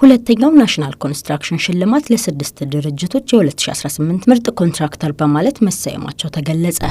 ሁለተኛው ናሽናል ኮንስትራክሽን ሽልማት ለስድስት ድርጅቶች የ2018 ምርጥ ኮንትራክተር በማለት መሰየማቸው ተገለጸ።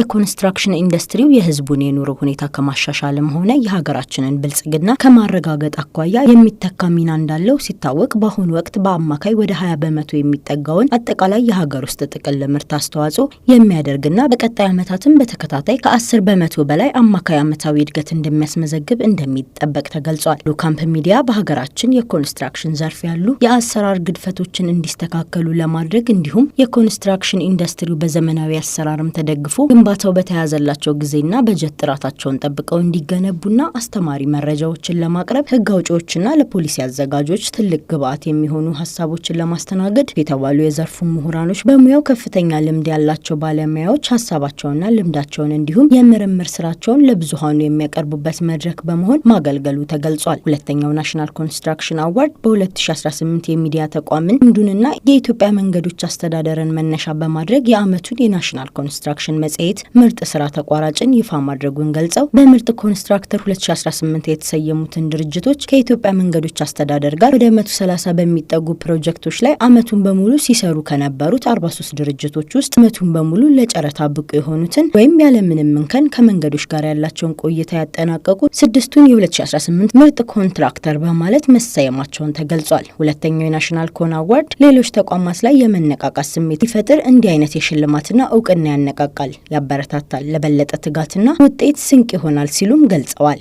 የኮንስትራክሽን ኢንዱስትሪው የህዝቡን የኑሮ ሁኔታ ከማሻሻልም ሆነ የሀገራችንን ብልጽግና ከማረጋገጥ አኳያ የሚተካ ሚና እንዳለው ሲታወቅ በአሁኑ ወቅት በአማካይ ወደ 20 በመቶ የሚጠጋውን አጠቃላይ የሀገር ውስጥ ጥቅል ምርት አስተዋጽኦ የሚያደርግና በቀጣይ ዓመታትም በተከታታይ ከ10 በመቶ በላይ አማካይ ዓመታዊ እድገት እንደሚያስመዘግብ እንደሚጠበቅ ተገልጿል። ሉካምፕ ሚዲያ በሀገራችን የኮንስትራክሽን ዘርፍ ያሉ የአሰራር ግድፈቶችን እንዲስተካከሉ ለማድረግ እንዲሁም የኮንስትራክሽን ኢንዱስትሪው በዘመናዊ አሰራርም ተደግፎ ግንባታው በተያዘላቸው ጊዜና በጀት ጥራታቸውን ጠብቀው እንዲገነቡና አስተማሪ መረጃዎችን ለማቅረብ ህግ አውጪዎችና ለፖሊሲ አዘጋጆች ትልቅ ግብዓት የሚሆኑ ሀሳቦችን ለማስተናገድ የተባሉ የዘርፉ ምሁራኖች በሙያው ከፍተኛ ልምድ ያላቸው ባለሙያዎች ሀሳባቸውና ልምዳቸውን እንዲሁም የምርምር ስራቸውን ለብዙሀኑ የሚያቀርቡበት መድረክ በመሆን ማገልገሉ ተገልጿል። ሁለተኛው ናሽናል ኮንስትራክሽን አዋርድ በ2018 የሚዲያ ተቋምን ልምዱንና የኢትዮጵያ መንገዶች አስተዳደርን መነሻ በማድረግ የዓመቱን የናሽናል ኮንስትራክሽን መጽሔት ድርጅት ምርጥ ስራ ተቋራጭን ይፋ ማድረጉን ገልጸው በምርጥ ኮንስትራክተር 2018 የተሰየሙትን ድርጅቶች ከኢትዮጵያ መንገዶች አስተዳደር ጋር ወደ 130 በሚጠጉ ፕሮጀክቶች ላይ አመቱን በሙሉ ሲሰሩ ከነበሩት 43 ድርጅቶች ውስጥ አመቱን በሙሉ ለጨረታ ብቁ የሆኑትን ወይም ያለምንም እንከን ከመንገዶች ጋር ያላቸውን ቆይታ ያጠናቀቁ ስድስቱን የ2018 ምርጥ ኮንትራክተር በማለት መሰየማቸውን ተገልጿል። ሁለተኛው የናሽናል ኮን አዋርድ ሌሎች ተቋማት ላይ የመነቃቃት ስሜት ሲፈጥር እንዲህ አይነት የሽልማትና እውቅና ያነቃቃል። ያበረታታል፣ ለበለጠ ትጋትና ውጤት ስንቅ ይሆናል ሲሉም ገልጸዋል።